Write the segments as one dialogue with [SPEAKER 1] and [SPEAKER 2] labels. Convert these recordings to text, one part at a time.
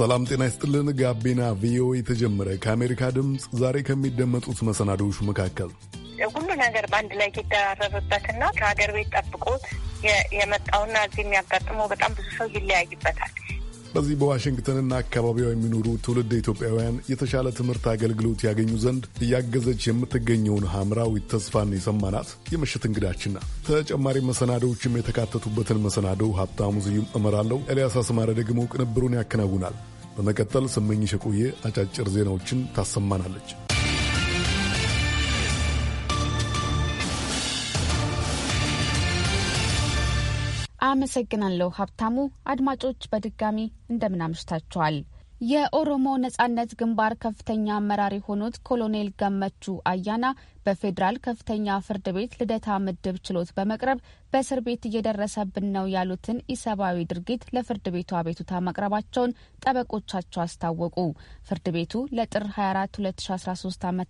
[SPEAKER 1] ሰላም ጤና ይስጥልን። ጋቢና ቪኦኤ የተጀመረ ከአሜሪካ ድምፅ ዛሬ ከሚደመጡት መሰናዶዎች መካከል
[SPEAKER 2] ሁሉ ነገር በአንድ ላይ ይደራረብበትና ከሀገር ቤት ጠብቆት የመጣውና እዚህ የሚያጋጥመው በጣም ብዙ ሰው ይለያይበታል።
[SPEAKER 1] በዚህ በዋሽንግተንና አካባቢዋ የሚኖሩ ትውልድ ኢትዮጵያውያን የተሻለ ትምህርት አገልግሎት ያገኙ ዘንድ እያገዘች የምትገኘውን ሐምራዊ ተስፋን የሰማናት የምሽት እንግዳችን ናት። ተጨማሪ መሰናዶዎችም የተካተቱበትን መሰናዶ ሀብታሙ ስዩም እመራለሁ። ኤልያስ አስማረ ደግሞ ቅንብሩን ያከናውናል። በመቀጠል ስመኝሽ ሸቆዬ አጫጭር ዜናዎችን ታሰማናለች።
[SPEAKER 3] አመሰግናለሁ ሀብታሙ። አድማጮች በድጋሚ እንደምናምሽታችኋል። የኦሮሞ ነጻነት ግንባር ከፍተኛ አመራር የሆኑት ኮሎኔል ገመቹ አያና በፌዴራል ከፍተኛ ፍርድ ቤት ልደታ ምድብ ችሎት በመቅረብ በእስር ቤት እየደረሰብን ነው ያሉትን ኢሰብአዊ ድርጊት ለፍርድ ቤቱ አቤቱታ ማቅረባቸውን ጠበቆቻቸው አስታወቁ። ፍርድ ቤቱ ለጥር 24 2013 ዓ ም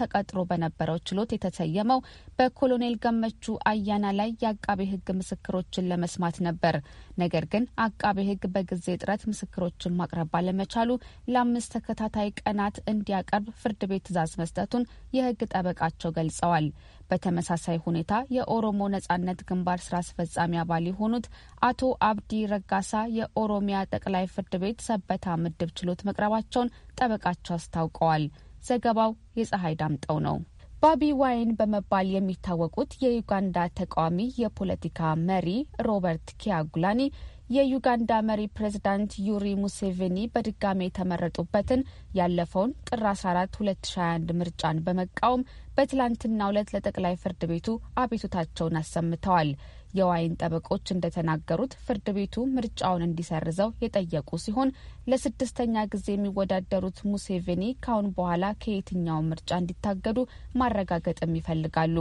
[SPEAKER 3] ተቀጥሮ በነበረው ችሎት የተሰየመው በኮሎኔል ገመቹ አያና ላይ የአቃቤ ሕግ ምስክሮችን ለመስማት ነበር። ነገር ግን አቃቤ ሕግ በጊዜ እጥረት ምስክሮችን ማቅረብ ባለመቻሉ ለአምስት ተከታታይ ቀናት እንዲያቀርብ ፍርድ ቤት ትዕዛዝ መስጠቱን የሕግ ጠበቃቸው መሆናቸው ገልጸዋል። በተመሳሳይ ሁኔታ የኦሮሞ ነጻነት ግንባር ስራ አስፈጻሚ አባል የሆኑት አቶ አብዲ ረጋሳ የኦሮሚያ ጠቅላይ ፍርድ ቤት ሰበታ ምድብ ችሎት መቅረባቸውን ጠበቃቸው አስታውቀዋል። ዘገባው የፀሐይ ዳምጠው ነው። ባቢ ዋይን በመባል የሚታወቁት የዩጋንዳ ተቃዋሚ የፖለቲካ መሪ ሮበርት ኪያጉላኒ የዩጋንዳ መሪ ፕሬዚዳንት ዩሪ ሙሴቬኒ በድጋሜ የተመረጡበትን ያለፈውን ጥር 14 2021 ምርጫን በመቃወም በትላንትናው ዕለት ለጠቅላይ ፍርድ ቤቱ አቤቱታቸውን አሰምተዋል። የዋይን ጠበቆች እንደተናገሩት ፍርድ ቤቱ ምርጫውን እንዲሰርዘው የጠየቁ ሲሆን ለስድስተኛ ጊዜ የሚወዳደሩት ሙሴቬኒ ካሁን በኋላ ከየትኛው ምርጫ እንዲታገዱ ማረጋገጥም ይፈልጋሉ።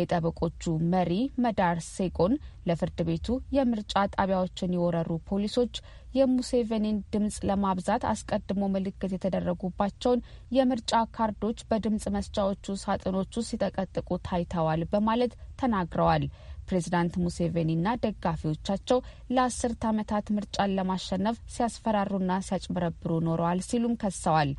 [SPEAKER 3] የጠበቆቹ መሪ መዳር ሴጎን ለፍርድ ቤቱ የምርጫ ጣቢያዎችን የወረሩ ፖሊሶች የሙሴቬኒን ድምጽ ለማብዛት አስቀድሞ ምልክት የተደረጉባቸውን የምርጫ ካርዶች በድምጽ መስጫዎቹ ሳጥኖች ውስጥ ሲጠቀጥቁ ታይተዋል በማለት ተናግረዋል። ፕሬዚዳንት ሙሴቬኒና ደጋፊዎቻቸው ለአስርት ዓመታት ምርጫን ለማሸነፍ ሲያስፈራሩና ሲያጭበረብሩ ኖረዋል ሲሉም ከሰዋል።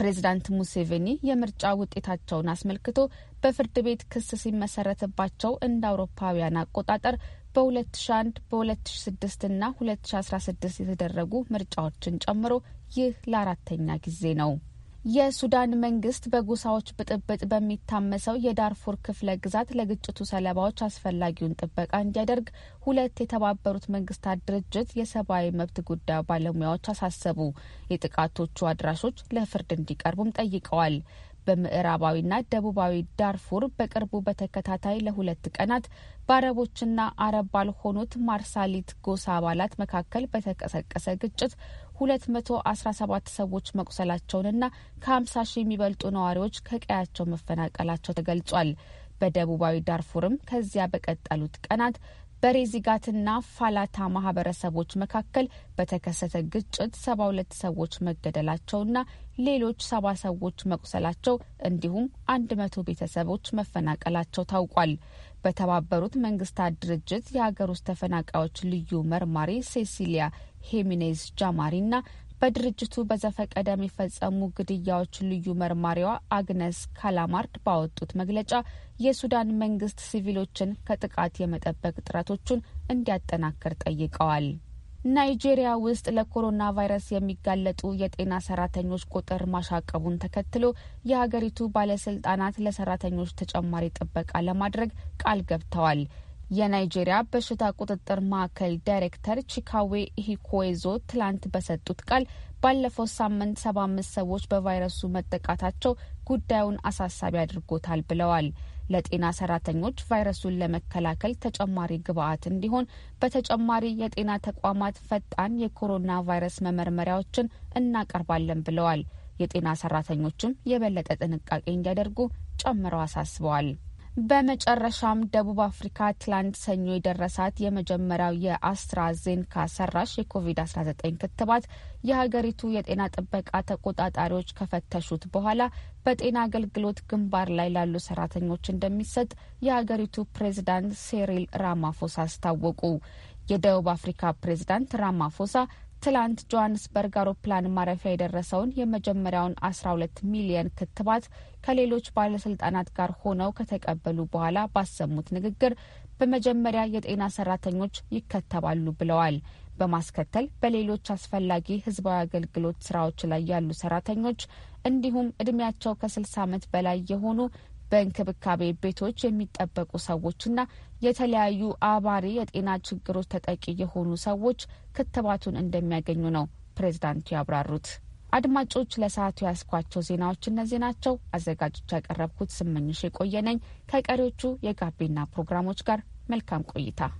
[SPEAKER 3] ፕሬዚዳንት ሙሴቬኒ የምርጫ ውጤታቸውን አስመልክቶ በፍርድ ቤት ክስ ሲመሰረትባቸው እንደ አውሮፓውያን አቆጣጠር በ2001 በ2006 እና 2016 የተደረጉ ምርጫዎችን ጨምሮ ይህ ለአራተኛ ጊዜ ነው። የሱዳን መንግስት በጎሳዎች ብጥብጥ በሚታመሰው የዳርፉር ክፍለ ግዛት ለግጭቱ ሰለባዎች አስፈላጊውን ጥበቃ እንዲያደርግ ሁለት የተባበሩት መንግስታት ድርጅት የሰብአዊ መብት ጉዳይ ባለሙያዎች አሳሰቡ። የጥቃቶቹ አድራሾች ለፍርድ እንዲቀርቡም ጠይቀዋል። በምዕራባዊና ደቡባዊ ዳርፉር በቅርቡ በተከታታይ ለሁለት ቀናት በአረቦችና አረብ ባልሆኑት ማርሳሊት ጎሳ አባላት መካከል በተቀሰቀሰ ግጭት 217 ሰዎች መቁሰላቸውንና ከ50 ሺህ የሚበልጡ ነዋሪዎች ከቀያቸው መፈናቀላቸው ተገልጿል። በደቡባዊ ዳርፉርም ከዚያ በቀጠሉት ቀናት በሬዚጋትና ፋላታ ማህበረሰቦች መካከል በተከሰተ ግጭት 72 ሰዎች መገደላቸውና ሌሎች ሰባ ሰዎች መቁሰላቸው እንዲሁም አንድ መቶ ቤተሰቦች መፈናቀላቸው ታውቋል። በተባበሩት መንግስታት ድርጅት የሀገር ውስጥ ተፈናቃዮች ልዩ መርማሪ ሴሲሊያ ሄሚኔዝ ጃማሪና በድርጅቱ በዘፈቀደ የሚፈጸሙ ግድያዎች ልዩ መርማሪዋ አግነስ ካላማርድ ባወጡት መግለጫ የሱዳን መንግስት ሲቪሎችን ከጥቃት የመጠበቅ ጥረቶቹን እንዲያጠናክር ጠይቀዋል። ናይጄሪያ ውስጥ ለኮሮና ቫይረስ የሚጋለጡ የጤና ሰራተኞች ቁጥር ማሻቀቡን ተከትሎ የሀገሪቱ ባለስልጣናት ለሰራተኞች ተጨማሪ ጥበቃ ለማድረግ ቃል ገብተዋል። የናይጄሪያ በሽታ ቁጥጥር ማዕከል ዳይሬክተር ቺካዌ ሂኮዌዞ ትላንት በሰጡት ቃል ባለፈው ሳምንት ሰባ አምስት ሰዎች በቫይረሱ መጠቃታቸው ጉዳዩን አሳሳቢ አድርጎታል ብለዋል። ለጤና ሰራተኞች ቫይረሱን ለመከላከል ተጨማሪ ግብአት እንዲሆን በተጨማሪ የጤና ተቋማት ፈጣን የኮሮና ቫይረስ መመርመሪያዎችን እናቀርባለን ብለዋል። የጤና ሰራተኞችም የበለጠ ጥንቃቄ እንዲያደርጉ ጨምረው አሳስበዋል። በመጨረሻም ደቡብ አፍሪካ ትላንት ሰኞ የደረሳት የመጀመሪያው የአስትራዜንካ ሰራሽ የኮቪድ-19 ክትባት የሀገሪቱ የጤና ጥበቃ ተቆጣጣሪዎች ከፈተሹት በኋላ በጤና አገልግሎት ግንባር ላይ ላሉ ሰራተኞች እንደሚሰጥ የሀገሪቱ ፕሬዝዳንት ሴሪል ራማፎሳ አስታወቁ። የደቡብ አፍሪካ ፕሬዝዳንት ራማፎሳ ትላንት ጆሀንስበርግ አውሮፕላን ማረፊያ የደረሰውን የመጀመሪያውን 12 ሚሊየን ክትባት ከሌሎች ባለስልጣናት ጋር ሆነው ከተቀበሉ በኋላ ባሰሙት ንግግር በመጀመሪያ የጤና ሰራተኞች ይከተባሉ ብለዋል። በማስከተል በሌሎች አስፈላጊ ህዝባዊ አገልግሎት ስራዎች ላይ ያሉ ሰራተኞች እንዲሁም እድሜያቸው ከ60 ዓመት በላይ የሆኑ በእንክብካቤ ቤቶች የሚጠበቁ ሰዎችና የተለያዩ አባሪ የጤና ችግሮች ተጠቂ የሆኑ ሰዎች ክትባቱን እንደሚያገኙ ነው ፕሬዝዳንቱ ያብራሩት። አድማጮች ለሰዓቱ ያስኳቸው ዜናዎች እነዚህ ናቸው። አዘጋጆች ያቀረብኩት ስመኝሽ የቆየ ነኝ። ከቀሪዎቹ የጋቢና ፕሮግራሞች ጋር መልካም ቆይታ።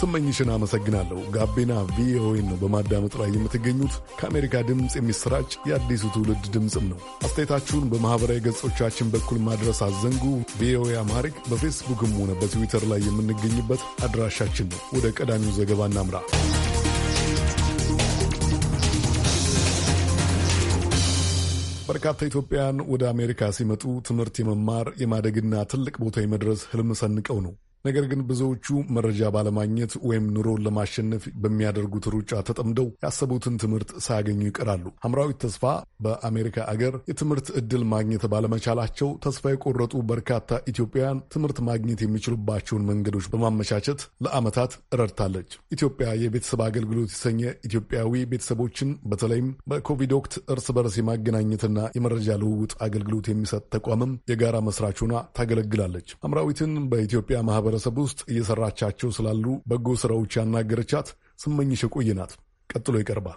[SPEAKER 1] ስመኝሽን አመሰግናለሁ። ጋቢና ቪኦኤ ነው በማዳመጥ ላይ የምትገኙት። ከአሜሪካ ድምፅ የሚሰራጭ የአዲሱ ትውልድ ድምፅም ነው። አስተያየታችሁን በማኅበራዊ ገጾቻችን በኩል ማድረስ አዘንጉ። ቪኦኤ አማሪክ በፌስቡክም ሆነ በትዊተር ላይ የምንገኝበት አድራሻችን ነው። ወደ ቀዳሚው ዘገባ እናምራ። በርካታ ኢትዮጵያውያን ወደ አሜሪካ ሲመጡ ትምህርት የመማር የማደግና ትልቅ ቦታ የመድረስ ህልም ሰንቀው ነው ነገር ግን ብዙዎቹ መረጃ ባለማግኘት ወይም ኑሮን ለማሸነፍ በሚያደርጉት ሩጫ ተጠምደው ያሰቡትን ትምህርት ሳያገኙ ይቀራሉ። ሐምራዊት ተስፋ በአሜሪካ አገር የትምህርት ዕድል ማግኘት ባለመቻላቸው ተስፋ የቆረጡ በርካታ ኢትዮጵያውያን ትምህርት ማግኘት የሚችሉባቸውን መንገዶች በማመቻቸት ለዓመታት ረድታለች። ኢትዮጵያ የቤተሰብ አገልግሎት የተሰኘ ኢትዮጵያዊ ቤተሰቦችን በተለይም በኮቪድ ወቅት እርስ በርስ የማገናኘትና የመረጃ ልውውጥ አገልግሎት የሚሰጥ ተቋምም የጋራ መስራች ሆና ታገለግላለች። ሐምራዊትን በኢትዮጵያ ማህበር ማህበረሰብ ውስጥ እየሰራቻቸው ስላሉ በጎ ስራዎች ያናገረቻት ስመኝሽ የቆየ ናት። ቀጥሎ ይቀርባል።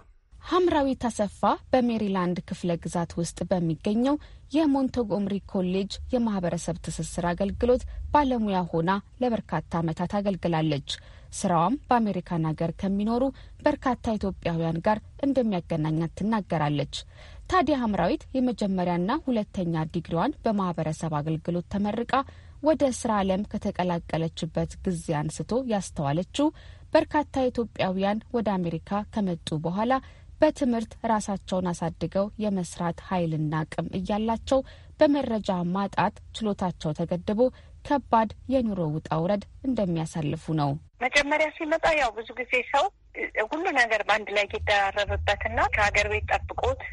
[SPEAKER 3] ሐምራዊ ተሰፋ በሜሪላንድ ክፍለ ግዛት ውስጥ በሚገኘው የሞንቶጎምሪ ኮሌጅ የማህበረሰብ ትስስር አገልግሎት ባለሙያ ሆና ለበርካታ ዓመታት አገልግላለች። ስራዋም በአሜሪካን ሀገር ከሚኖሩ በርካታ ኢትዮጵያውያን ጋር እንደሚያገናኛት ትናገራለች። ታዲያ ሐምራዊት የመጀመሪያና ሁለተኛ ዲግሪዋን በማህበረሰብ አገልግሎት ተመርቃ ወደ ስራ ዓለም ከተቀላቀለችበት ጊዜ አንስቶ ያስተዋለችው በርካታ ኢትዮጵያውያን ወደ አሜሪካ ከመጡ በኋላ በትምህርት ራሳቸውን አሳድገው የመስራት ኃይልና አቅም እያላቸው በመረጃ ማጣት ችሎታቸው ተገድቦ ከባድ የኑሮ ውጣ ውረድ እንደሚያሳልፉ ነው።
[SPEAKER 2] መጀመሪያ ሲመጣ ያው ብዙ ጊዜ ሰው ሁሉ ነገር በአንድ ላይ ይደራረብበትና ከሀገር ቤት ጠብቆት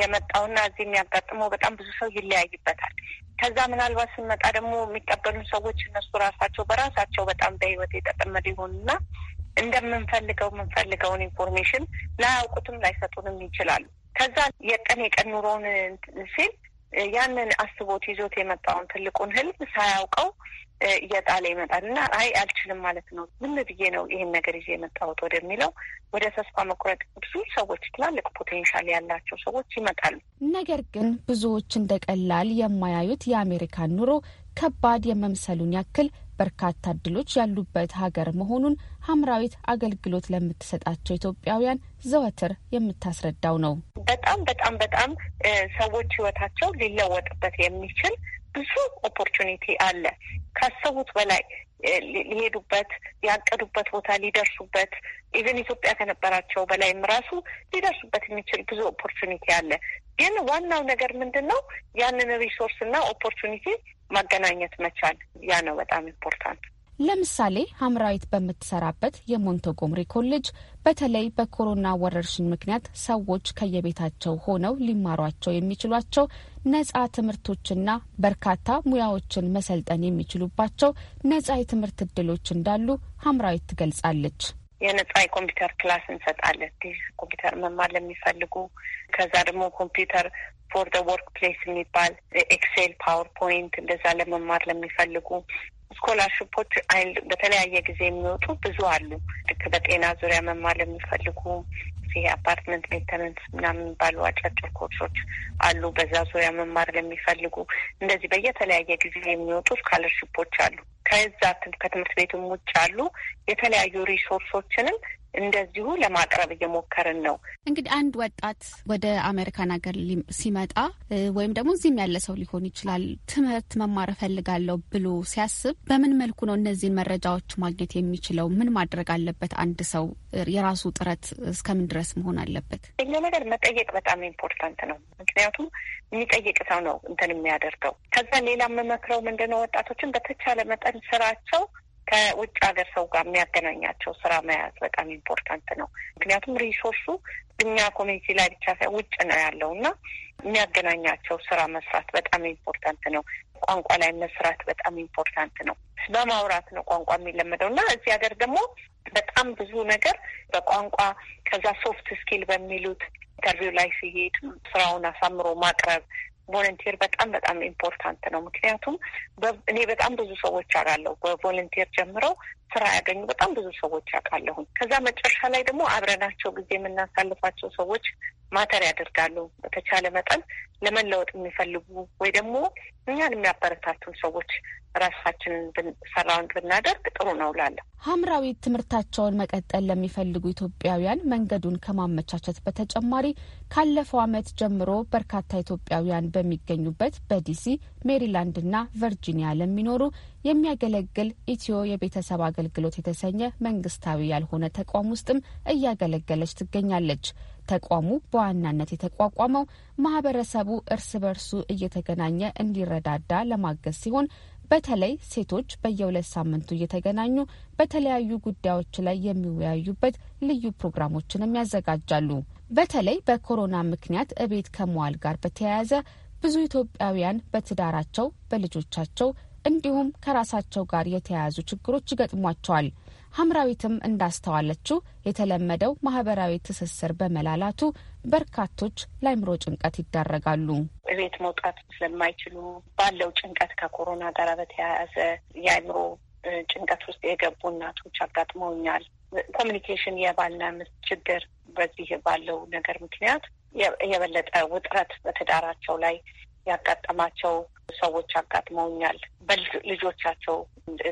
[SPEAKER 2] የመጣውና እዚህ የሚያጋጥመው በጣም ብዙ ሰው ይለያይበታል። ከዛ ምናልባት ስንመጣ ደግሞ የሚቀበሉን ሰዎች እነሱ ራሳቸው በራሳቸው በጣም በህይወት የተጠመዱ ይሆኑና እንደምንፈልገው የምንፈልገውን ኢንፎርሜሽን ላያውቁትም ላይሰጡንም ይችላሉ። ከዛ የቀን የቀን ኑሮውን ሲል ያንን አስቦት ይዞት የመጣውን ትልቁን ህልም ሳያውቀው እየጣለ ይመጣል እና አይ አልችልም ማለት ነው፣ ዝም ብዬ ነው ይህን ነገር ይዤ የመጣሁት ወደሚለው ወደ ተስፋ መቁረጥ ብዙ ሰዎች፣ ትላልቅ ፖቴንሻል ያላቸው ሰዎች ይመጣሉ።
[SPEAKER 3] ነገር ግን ብዙዎች እንደ ቀላል የማያዩት የአሜሪካን ኑሮ ከባድ የመምሰሉን ያክል በርካታ እድሎች ያሉበት ሀገር መሆኑን ሀምራዊት አገልግሎት ለምትሰጣቸው ኢትዮጵያውያን ዘወትር የምታስረዳው ነው።
[SPEAKER 2] በጣም በጣም በጣም ሰዎች ህይወታቸው ሊለወጥበት የሚችል ብዙ ኦፖርቹኒቲ አለ። ካሰቡት በላይ ሊሄዱበት ያቀዱበት ቦታ ሊደርሱበት ኢቨን ኢትዮጵያ ከነበራቸው በላይም ራሱ ሊደርሱበት የሚችል ብዙ ኦፖርቹኒቲ አለ። ግን ዋናው ነገር ምንድን ነው? ያንን ሪሶርስ እና ኦፖርቹኒቲ ማገናኘት መቻል። ያ ነው በጣም ኢምፖርታንት።
[SPEAKER 3] ለምሳሌ ሀምራዊት በምትሰራበት የሞንቶጎምሪ ኮሌጅ በተለይ በኮሮና ወረርሽኝ ምክንያት ሰዎች ከየቤታቸው ሆነው ሊማሯቸው የሚችሏቸው ነጻ ትምህርቶችና በርካታ ሙያዎችን መሰልጠን የሚችሉባቸው ነጻ የትምህርት እድሎች እንዳሉ ሀምራዊት ትገልጻለች።
[SPEAKER 2] የነጻ የኮምፒውተር ክላስ እንሰጣለን። ኮምፒውተር መማር ለሚፈልጉ ከዛ ደግሞ ኮምፒውተር ፎር ወርክ ፕሌስ የሚባል ኤክሴል፣ ፓወር እንደዛ ለመማር ለሚፈልጉ ስኮላርሽፖች በተለያየ ጊዜ የሚወጡ ብዙ አሉ። ልክ በጤና ዙሪያ መማር ለሚፈልጉ ይሄ አፓርትመንት ሜንተነንስ ምናምን የሚባሉ አጫጭር ኮርሶች አሉ። በዛ ዙሪያ መማር ለሚፈልጉ እንደዚህ በየተለያየ ጊዜ የሚወጡ ስኮላርሽፖች አሉ። ከዛ ከትምህርት ቤትም ውጭ አሉ። የተለያዩ ሪሶርሶችንም እንደዚሁ ለማቅረብ እየሞከርን
[SPEAKER 3] ነው። እንግዲህ አንድ ወጣት ወደ አሜሪካን ሀገር ሲመጣ ወይም ደግሞ እዚህም ያለ ሰው ሊሆን ይችላል ትምህርት መማር እፈልጋለሁ ብሎ ሲያስብ በምን መልኩ ነው እነዚህን መረጃዎች ማግኘት የሚችለው? ምን ማድረግ አለበት? አንድ ሰው የራሱ ጥረት እስከምን ድረስ መሆን አለበት?
[SPEAKER 2] እኛ ነገር መጠየቅ በጣም ኢምፖርታንት ነው። ምክንያቱም የሚጠይቅ ሰው ነው እንትን የሚያደርገው። ከዛ ሌላ የምመክረው ምንድነው ወጣቶችን በተቻለ መጠን ስራቸው ከውጭ ሀገር ሰው ጋር የሚያገናኛቸው ስራ መያዝ በጣም ኢምፖርታንት ነው። ምክንያቱም ሪሶርሱ እኛ ኮሚኒቲ ላይ ብቻ ሳይሆን ውጭ ነው ያለው እና የሚያገናኛቸው ስራ መስራት በጣም ኢምፖርታንት ነው። ቋንቋ ላይ መስራት በጣም ኢምፖርታንት ነው። በማውራት ነው ቋንቋ የሚለመደው እና እዚህ ሀገር ደግሞ በጣም ብዙ ነገር በቋንቋ ከዛ ሶፍት ስኪል በሚሉት ኢንተርቪው ላይ ሲሄድ ስራውን አሳምሮ ማቅረብ ቮለንቲር በጣም በጣም ኢምፖርታንት ነው። ምክንያቱም እኔ በጣም ብዙ ሰዎች አውቃለሁ በቮለንቲር ጀምረው ስራ ያገኙ በጣም ብዙ ሰዎች አውቃለሁኝ። ከዛ መጨረሻ ላይ ደግሞ አብረናቸው ጊዜ የምናሳልፋቸው ሰዎች ማተር ያደርጋሉ። በተቻለ መጠን ለመለወጥ የሚፈልጉ ወይ ደግሞ እኛን የሚያበረታቱን ሰዎች ራሳችንን ሰራውን ብናደርግ ጥሩ ነው ላለ
[SPEAKER 3] ሀምራዊ ትምህርታቸውን መቀጠል ለሚፈልጉ ኢትዮጵያውያን መንገዱን ከማመቻቸት በተጨማሪ ካለፈው ዓመት ጀምሮ በርካታ ኢትዮጵያውያን በሚገኙበት በዲሲ ሜሪላንድና ቨርጂኒያ ለሚኖሩ የሚያገለግል ኢትዮ የቤተሰብ አገልግሎት የተሰኘ መንግስታዊ ያልሆነ ተቋም ውስጥም እያገለገለች ትገኛለች። ተቋሙ በዋናነት የተቋቋመው ማህበረሰቡ እርስ በርሱ እየተገናኘ እንዲረዳዳ ለማገዝ ሲሆን በተለይ ሴቶች በየሁለት ሳምንቱ እየተገናኙ በተለያዩ ጉዳዮች ላይ የሚወያዩበት ልዩ ፕሮግራሞችንም ያዘጋጃሉ። በተለይ በኮሮና ምክንያት እቤት ከመዋል ጋር በተያያዘ ብዙ ኢትዮጵያውያን በትዳራቸው፣ በልጆቻቸው እንዲሁም ከራሳቸው ጋር የተያያዙ ችግሮች ይገጥሟቸዋል። ሀምራዊትም እንዳስተዋለችው የተለመደው ማህበራዊ ትስስር በመላላቱ በርካቶች ለአይምሮ ጭንቀት ይዳረጋሉ።
[SPEAKER 2] እቤት መውጣት ስለማይችሉ ባለው ጭንቀት ከኮሮና ጋር በተያያዘ የአይምሮ ጭንቀት ውስጥ የገቡ እናቶች አጋጥመውኛል። ኮሚኒኬሽን የባልና ሚስት ችግር በዚህ ባለው ነገር ምክንያት የበለጠ ውጥረት በትዳራቸው ላይ ያጋጠማቸው ሰዎች አጋጥመውኛል። በልጆቻቸው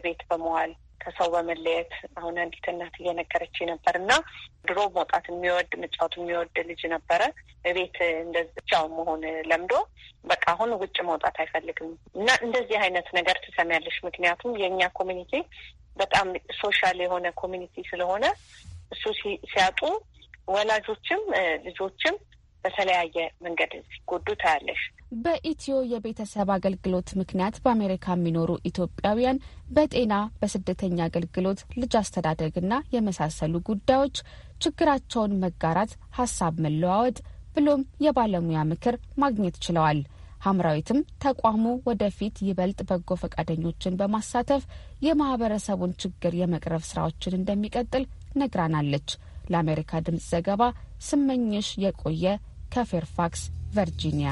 [SPEAKER 2] ቤት በመዋል ከሰው በመለየት አሁን አንዲት እናት እየነገረች ነበር እና ድሮ መውጣት የሚወድ መጫወት የሚወድ ልጅ ነበረ። ቤት እንደዚህ ብቻውን መሆን ለምዶ በቃ አሁን ውጭ መውጣት አይፈልግም እና እንደዚህ አይነት ነገር ትሰሚያለሽ። ምክንያቱም የእኛ ኮሚኒቲ በጣም ሶሻል የሆነ ኮሚኒቲ ስለሆነ እሱ ሲያጡ ወላጆችም ልጆችም በተለያየ መንገድ ሲጎዱ ታያለሽ።
[SPEAKER 3] በኢትዮ የቤተሰብ አገልግሎት ምክንያት በአሜሪካ የሚኖሩ ኢትዮጵያውያን በጤና በስደተኛ አገልግሎት፣ ልጅ አስተዳደግና የመሳሰሉ ጉዳዮች ችግራቸውን መጋራት፣ ሀሳብ መለዋወጥ ብሎም የባለሙያ ምክር ማግኘት ችለዋል። ሀምራዊትም ተቋሙ ወደፊት ይበልጥ በጎ ፈቃደኞችን በማሳተፍ የማህበረሰቡን ችግር የመቅረፍ ስራዎችን እንደሚቀጥል ነግራናለች። ለአሜሪካ ድምጽ ዘገባ ስመኝሽ የቆየ ከፌርፋክስ ቨርጂኒያ።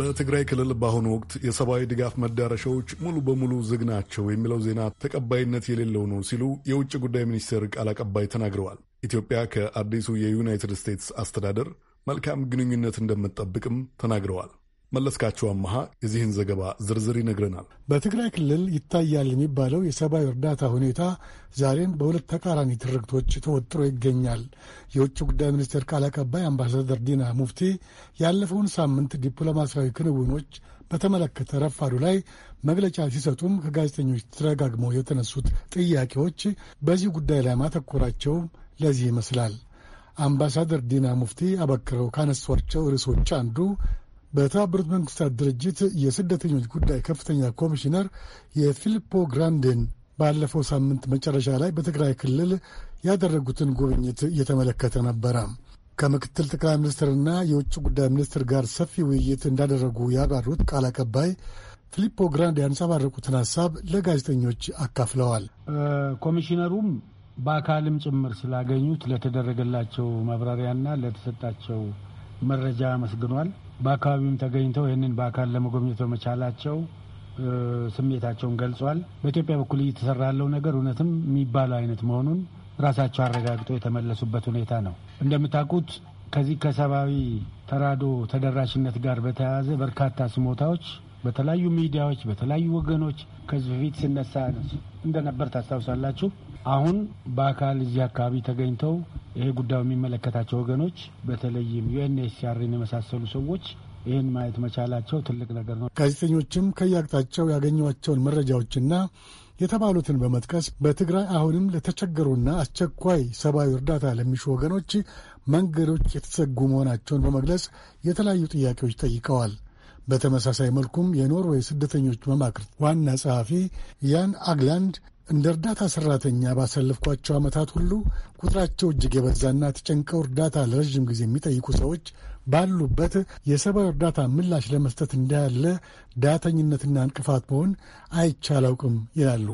[SPEAKER 1] በትግራይ ክልል በአሁኑ ወቅት የሰብአዊ ድጋፍ መዳረሻዎች ሙሉ በሙሉ ዝግ ናቸው የሚለው ዜና ተቀባይነት የሌለው ነው ሲሉ የውጭ ጉዳይ ሚኒስቴር ቃል አቀባይ ተናግረዋል። ኢትዮጵያ ከአዲሱ የዩናይትድ ስቴትስ አስተዳደር መልካም ግንኙነት እንደምትጠብቅም ተናግረዋል። መለስካቸው አመሃ የዚህን ዘገባ ዝርዝር ይነግረናል።
[SPEAKER 4] በትግራይ ክልል ይታያል የሚባለው የሰብአዊ እርዳታ ሁኔታ ዛሬም በሁለት ተቃራኒ ትርክቶች ተወጥሮ ይገኛል። የውጭ ጉዳይ ሚኒስቴር ቃል አቀባይ አምባሳደር ዲና ሙፍቲ ያለፈውን ሳምንት ዲፕሎማሲያዊ ክንውኖች በተመለከተ ረፋዱ ላይ መግለጫ ሲሰጡም ከጋዜጠኞች ተደጋግመው የተነሱት ጥያቄዎች በዚህ ጉዳይ ላይ ማተኮራቸው ለዚህ ይመስላል። አምባሳደር ዲና ሙፍቲ አበክረው ካነሷቸው ርዕሶች አንዱ በተባበሩት መንግስታት ድርጅት የስደተኞች ጉዳይ ከፍተኛ ኮሚሽነር የፊሊፖ ግራንዴን ባለፈው ሳምንት መጨረሻ ላይ በትግራይ ክልል ያደረጉትን ጉብኝት እየተመለከተ ነበረ። ከምክትል ጠቅላይ ሚኒስትርና የውጭ ጉዳይ ሚኒስትር ጋር ሰፊ ውይይት እንዳደረጉ ያብራሩት ቃል አቀባይ ፊሊፖ ግራንድ ያንጸባረቁትን ሀሳብ ለጋዜጠኞች አካፍለዋል።
[SPEAKER 5] ኮሚሽነሩም በአካልም ጭምር ስላገኙት ለተደረገላቸው ማብራሪያና ለተሰጣቸው መረጃ አመስግኗል። በአካባቢውም ተገኝተው ይህንን በአካል ለመጎብኘት በመቻላቸው ስሜታቸውን ገልጿል። በኢትዮጵያ በኩል እየተሰራ ያለው ነገር እውነትም የሚባለው አይነት መሆኑን ራሳቸው አረጋግጦ የተመለሱበት ሁኔታ ነው። እንደምታውቁት ከዚህ ከሰብአዊ ተራዶ ተደራሽነት ጋር በተያያዘ በርካታ ስሞታዎች በተለያዩ ሚዲያዎች፣ በተለያዩ ወገኖች ከዚህ በፊት ሲነሳ እንደነበር ታስታውሳላችሁ። አሁን በአካል እዚህ አካባቢ ተገኝተው ይሄ ጉዳዩ የሚመለከታቸው ወገኖች በተለይም ዩኤንኤችሲአርን የመሳሰሉ ሰዎች ይህን ማየት መቻላቸው ትልቅ ነገር ነው። ጋዜጠኞችም
[SPEAKER 4] ከያቅጣቸው ያገኟቸውን መረጃዎችና የተባሉትን በመጥቀስ በትግራይ አሁንም ለተቸገሩና አስቸኳይ ሰብአዊ እርዳታ ለሚሹ ወገኖች መንገዶች የተዘጉ መሆናቸውን በመግለጽ የተለያዩ ጥያቄዎች ጠይቀዋል። በተመሳሳይ መልኩም የኖርዌይ ስደተኞች መማክርት ዋና ጸሐፊ ያን አግላንድ እንደ እርዳታ ሠራተኛ ባሳለፍኳቸው ዓመታት ሁሉ ቁጥራቸው እጅግ የበዛና ተጨንቀው እርዳታ ለረዥም ጊዜ የሚጠይቁ ሰዎች ባሉበት የሰብአዊ እርዳታ ምላሽ ለመስጠት እንዳያለ ዳተኝነትና እንቅፋት መሆን አይቻላውቅም ይላሉ።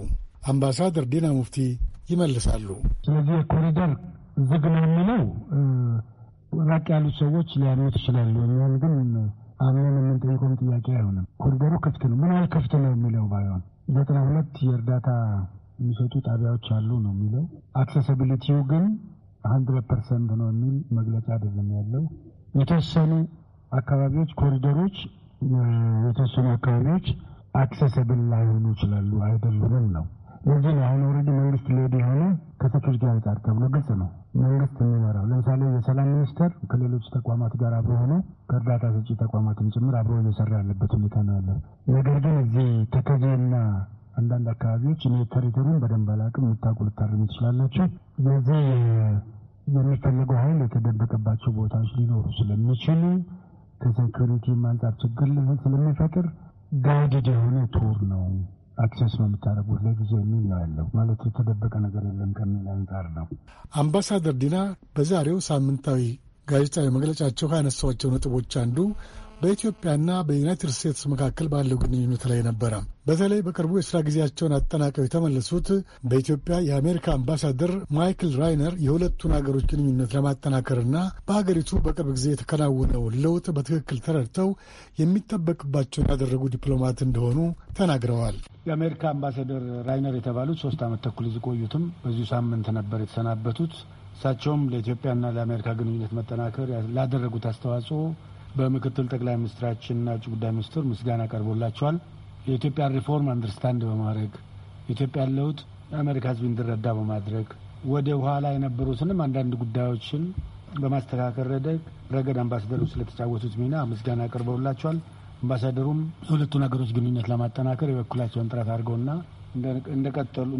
[SPEAKER 4] አምባሳደር ዲና ሙፍቲ
[SPEAKER 6] ይመልሳሉ።
[SPEAKER 5] ስለዚህ የኮሪደር ዝግ ነው የሚለው ራቅ ያሉት ሰዎች ሊያምኑት ይችላሉ። የሚሆን ግን አብረን የምንጠይቀውም ጥያቄ አይሆንም። ኮሪደሩ ክፍት ነው። ምን ያህል ክፍት ነው የሚለው ባይሆን ዘጠና ሁለት የእርዳታ የሚሰጡ ጣቢያዎች አሉ ነው የሚለው። አክሴሲቢሊቲው ግን ሀንድረድ ፐርሰንት ነው የሚል መግለጫ አይደለም ያለው። የተወሰኑ አካባቢዎች ኮሪደሮች፣ የተወሰኑ አካባቢዎች አክሴሲብል ላይሆኑ ይችላሉ አይደሉንም ነው። ለዚህ ነው አሁን ኦልሬዲ መንግስት ሌድ የሆነ ከሴኪሪቲ አንጻር ተብሎ ግልጽ ነው። መንግስት የሚመራው ለምሳሌ የሰላም ሚኒስቴር ከሌሎች ተቋማት ጋር አብሮ ሆኖ ከእርዳታ ሰጪ ተቋማትን ጭምር አብሮ እየሰራ ያለበት ሁኔታ ነው ያለው። ነገር ግን እዚህ ተከዜና አንዳንድ አካባቢዎች እኔ ቴሪቶሪን በደንብ አላውቅም፣ የምታውቁ ልታርሙ ትችላላችሁ። የዚህ የሚፈለገው ኃይል የተደበቀባቸው ቦታዎች ሊኖሩ ስለሚችሉ ከሴኩሪቲ አንጻር ችግር ስለሚፈጥር ጋይድድ የሆነ ቱር ነው አክሰስ ነው የምታደርጉት ለጊዜ የሚል ነው ያለው። ማለት የተደበቀ ነገር የለም ከሚል አንጻር ነው።
[SPEAKER 4] አምባሳደር ዲና በዛሬው ሳምንታዊ ጋዜጣዊ መግለጫቸው ካነሷቸው ነጥቦች አንዱ በኢትዮጵያና በዩናይትድ ስቴትስ መካከል ባለው ግንኙነት ላይ ነበረ። በተለይ በቅርቡ የሥራ ጊዜያቸውን አጠናቀው የተመለሱት በኢትዮጵያ የአሜሪካ አምባሳደር ማይክል ራይነር የሁለቱን አገሮች ግንኙነት ለማጠናከርና በሀገሪቱ በቅርብ ጊዜ የተከናወነውን ለውጥ በትክክል ተረድተው የሚጠበቅባቸውን ያደረጉ ዲፕሎማት እንደሆኑ
[SPEAKER 5] ተናግረዋል። የአሜሪካ አምባሳደር ራይነር የተባሉት ሶስት ዓመት ተኩል እዚህ ቆዩትም በዚሁ ሳምንት ነበር የተሰናበቱት። እሳቸውም ለኢትዮጵያና ለአሜሪካ ግንኙነት መጠናከር ላደረጉት አስተዋጽኦ በምክትል ጠቅላይ ሚኒስትራችንና ውጭ ጉዳይ ሚኒስትር ምስጋና ቀርቦላቸዋል። የኢትዮጵያን ሪፎርም አንደርስታንድ በማድረግ የኢትዮጵያን ለውጥ የአሜሪካ ሕዝብ እንዲረዳ በማድረግ ወደ ኋላ የነበሩትንም አንዳንድ ጉዳዮችን በማስተካከል ረገድ አምባሳደሩ ስለተጫወቱት ሚና ምስጋና ቀርበውላቸዋል። አምባሳደሩም የሁለቱን ሀገሮች ግንኙነት ለማጠናከር የበኩላቸውን ጥረት አድርገውና እንደቀጠሉ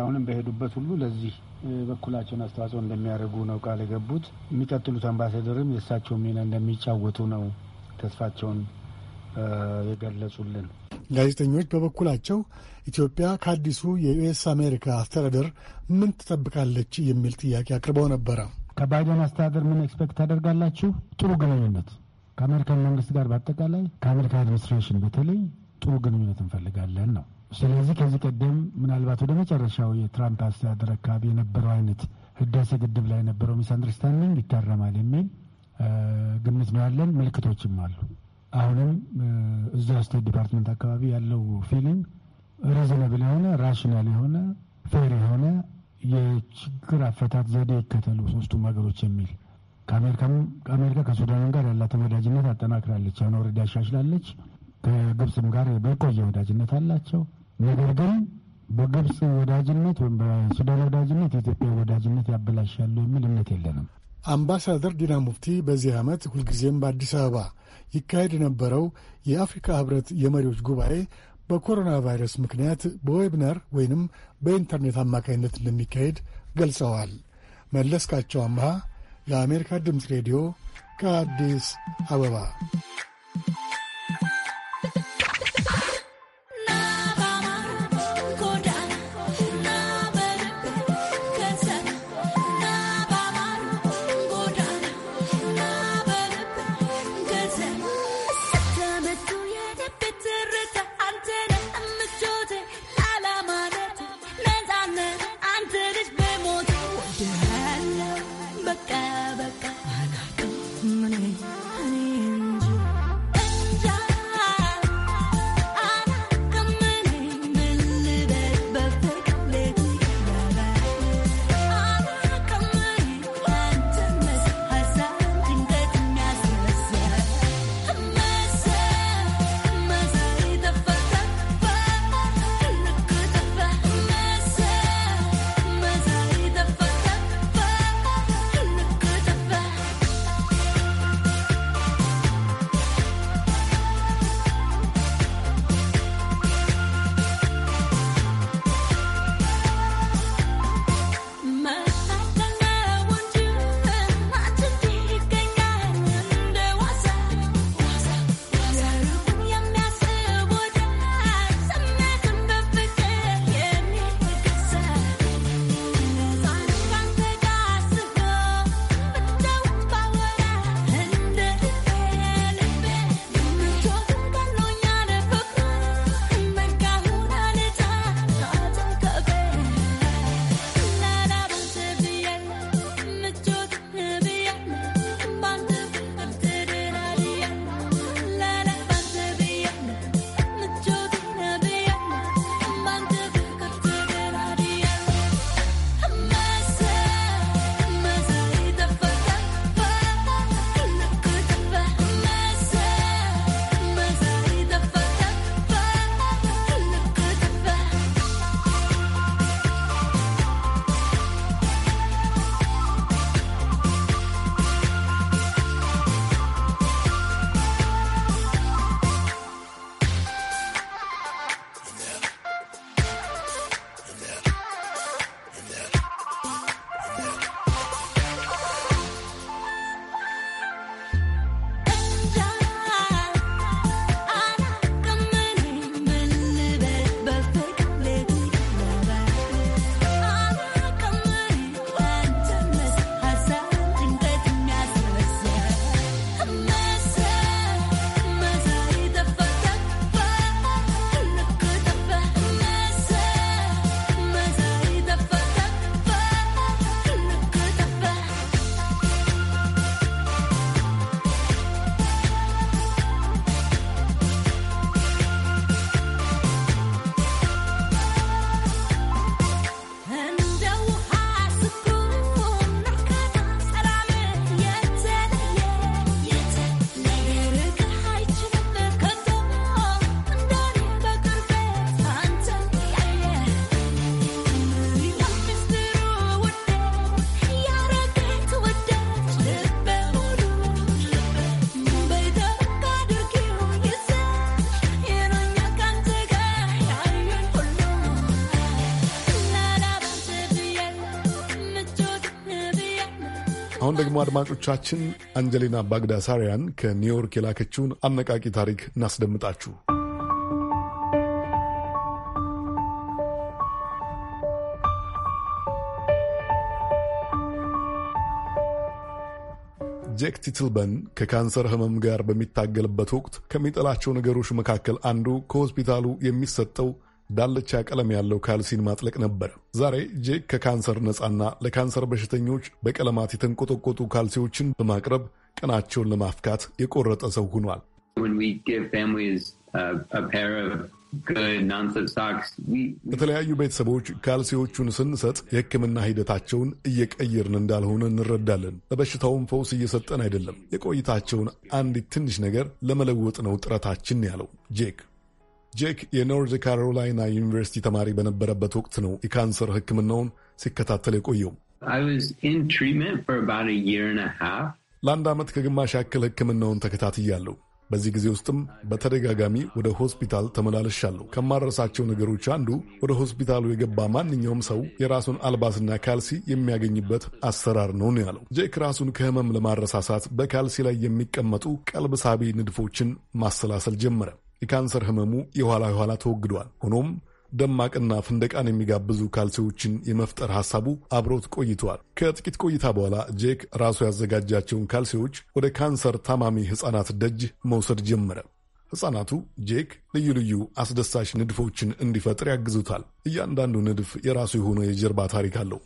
[SPEAKER 5] አሁንም በሄዱበት ሁሉ ለዚህ በኩላቸውን አስተዋጽኦ እንደሚያደርጉ ነው ቃል የገቡት። የሚቀጥሉት አምባሳደርም የእሳቸው ሚና እንደሚጫወቱ ነው ተስፋቸውን የገለጹልን።
[SPEAKER 4] ጋዜጠኞች በበኩላቸው ኢትዮጵያ ከአዲሱ የዩኤስ አሜሪካ አስተዳደር ምን ትጠብቃለች የሚል ጥያቄ አቅርበው ነበረ።
[SPEAKER 5] ከባይደን አስተዳደር ምን ኤክስፔክት ታደርጋላችሁ? ጥሩ ግንኙነት ከአሜሪካን መንግስት ጋር በአጠቃላይ ከአሜሪካ አድሚኒስትሬሽን በተለይ ጥሩ ግንኙነት እንፈልጋለን ነው ስለዚህ ከዚህ ቀደም ምናልባት ወደ መጨረሻው የትራምፕ አስተዳደር አካባቢ የነበረው አይነት ህዳሴ ግድብ ላይ የነበረው ሚስ አንደርስታንዲንግ ይታረማል የሚል ግምት ነው ያለን። ምልክቶችም አሉ። አሁንም እዛ ስቴት ዲፓርትመንት አካባቢ ያለው ፊሊንግ ሪዝነብል የሆነ ራሽናል የሆነ ፌር የሆነ የችግር አፈታት ዘዴ ይከተሉ ሶስቱም ሀገሮች የሚል ከአሜሪካ ከሱዳንም ጋር ያላትን ወዳጅነት አጠናክራለች። አሁን ወረዳ ያሻሽላለች። ከግብፅም ጋር በቆየ ወዳጅነት አላቸው። ነገር ግን በግብፅ ወዳጅነት ወይም በሱዳን ወዳጅነት የኢትዮጵያ ወዳጅነት ያበላሻሉ የሚል እምነት የለንም።
[SPEAKER 4] አምባሳደር ዲና ሙፍቲ በዚህ ዓመት ሁልጊዜም በአዲስ አበባ ይካሄድ የነበረው የአፍሪካ ህብረት የመሪዎች ጉባኤ በኮሮና ቫይረስ ምክንያት በዌብነር ወይንም በኢንተርኔት አማካኝነት እንደሚካሄድ ገልጸዋል። መለስካቸው አምሃ ለአሜሪካ ድምፅ ሬዲዮ ከአዲስ አበባ
[SPEAKER 1] ደግሞ አድማጮቻችን አንጀሊና ባግዳሳሪያን ከኒውዮርክ የላከችውን አነቃቂ ታሪክ እናስደምጣችሁ። ጄክ ቲትልበን ከካንሰር ህመም ጋር በሚታገልበት ወቅት ከሚጠላቸው ነገሮች መካከል አንዱ ከሆስፒታሉ የሚሰጠው ዳልቻ ቀለም ያለው ካልሲን ማጥለቅ ነበር። ዛሬ ጄክ ከካንሰር ነፃና ለካንሰር በሽተኞች በቀለማት የተንቆጠቆጡ ካልሲዎችን በማቅረብ ቀናቸውን ለማፍካት የቆረጠ ሰው ሆኗል። ለተለያዩ ቤተሰቦች ካልሲዎቹን ስንሰጥ የሕክምና ሂደታቸውን እየቀየርን እንዳልሆነ እንረዳለን። ለበሽታውም ፈውስ እየሰጠን አይደለም። የቆይታቸውን አንዲት ትንሽ ነገር ለመለወጥ ነው ጥረታችን ያለው ጄክ ጄክ የኖርዝ ካሮላይና ዩኒቨርሲቲ ተማሪ በነበረበት ወቅት ነው የካንሰር ሕክምናውን ሲከታተል የቆየው። ለአንድ ዓመት ከግማሽ ያክል ሕክምናውን ተከታትያለሁ። በዚህ ጊዜ ውስጥም በተደጋጋሚ ወደ ሆስፒታል ተመላለሻለሁ። ከማድረሳቸው ነገሮች አንዱ ወደ ሆስፒታሉ የገባ ማንኛውም ሰው የራሱን አልባስና ካልሲ የሚያገኝበት አሰራር ነው ነው ያለው ጄክ። ራሱን ከህመም ለማረሳሳት በካልሲ ላይ የሚቀመጡ ቀልብ ሳቢ ንድፎችን ማሰላሰል ጀመረ። የካንሰር ህመሙ የኋላ የኋላ ተወግዷል። ሆኖም ደማቅና ፍንደቃን የሚጋብዙ ካልሲዎችን የመፍጠር ሐሳቡ አብሮት ቆይተዋል። ከጥቂት ቆይታ በኋላ ጄክ ራሱ ያዘጋጃቸውን ካልሲዎች ወደ ካንሰር ታማሚ ሕፃናት ደጅ መውሰድ ጀመረ። ሕፃናቱ ጄክ ልዩ ልዩ አስደሳች ንድፎችን እንዲፈጥር ያግዙታል። እያንዳንዱ ንድፍ የራሱ የሆነ የጀርባ ታሪክ አለው።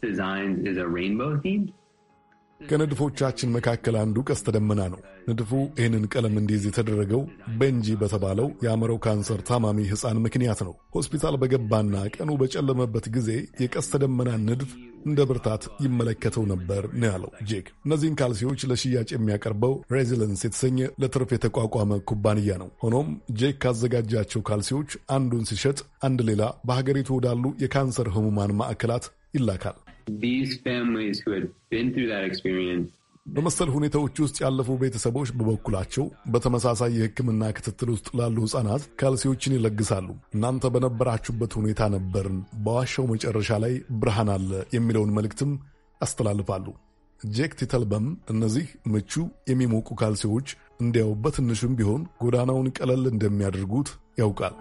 [SPEAKER 1] ከንድፎቻችን መካከል አንዱ ቀስተ ደመና ነው። ንድፉ ይህንን ቀለም እንዲይዝ የተደረገው ቤንጂ በተባለው የአምረው ካንሰር ታማሚ ሕፃን ምክንያት ነው። ሆስፒታል በገባና ቀኑ በጨለመበት ጊዜ የቀስተ ደመና ንድፍ እንደ ብርታት ይመለከተው ነበር ነው ያለው ጄክ። እነዚህን ካልሲዎች ለሽያጭ የሚያቀርበው ሬዚለንስ የተሰኘ ለትርፍ የተቋቋመ ኩባንያ ነው። ሆኖም ጄክ ካዘጋጃቸው ካልሲዎች አንዱን ሲሸጥ፣ አንድ ሌላ በሀገሪቱ ወዳሉ የካንሰር ህሙማን ማዕከላት ይላካል። በመሰል ሁኔታዎች ውስጥ ያለፉ ቤተሰቦች በበኩላቸው በተመሳሳይ የሕክምና ክትትል ውስጥ ላሉ ሕጻናት ካልሲዎችን ይለግሳሉ። እናንተ በነበራችሁበት ሁኔታ ነበርን፣ በዋሻው መጨረሻ ላይ ብርሃን አለ የሚለውን መልእክትም ያስተላልፋሉ። ጄክ ቲተልበም እነዚህ ምቹ የሚሞቁ ካልሲዎች እንዲያው በትንሹም ቢሆን ጎዳናውን ቀለል እንደሚያደርጉት ያውቃል።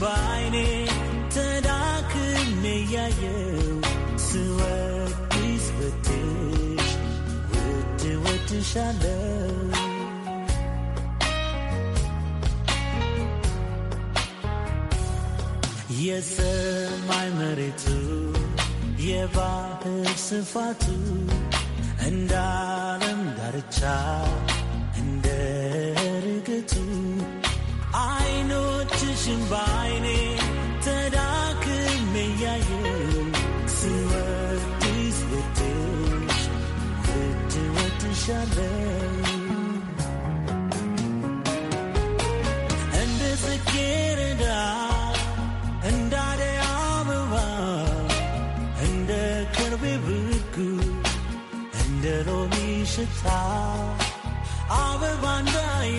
[SPEAKER 7] በአይኔ ተዳክሜ ያየው ስወድሽ ወድሽ ውድ የሰማይ መሬቱ የባህር ስፋቱ እንዳለም ዳርቻ አንቺን ባይኔ ተዳክሜ እያየሁ ስወድሽ ወድሽ እወድሻለሁ እንደ ጽጌረዳ እንደ አበባ እንደ ከርቤ ብጉር እንደ ሎሚ ሽታ አበባ እንዳየ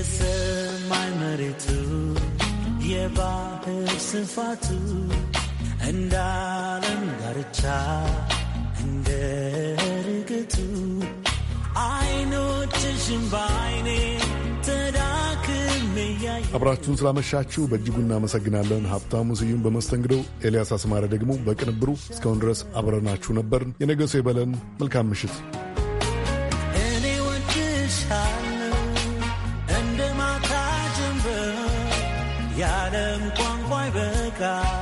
[SPEAKER 7] የሰማይ መሬቱ የባህር ስፋቱ እንደ ዓለም ዳርቻ እንደ ርግቱ አይኖችሽም በአይኔ
[SPEAKER 1] አብራችሁን ስላመሻችሁ በእጅጉ እናመሰግናለን። ሀብታሙ ስዩም በመስተንግዶው፣ ኤልያስ አስማረ ደግሞ በቅንብሩ። እስካሁን ድረስ አብረናችሁ ነበርን። የነገ ሰው ይበለን። መልካም ምሽት።
[SPEAKER 7] buscar.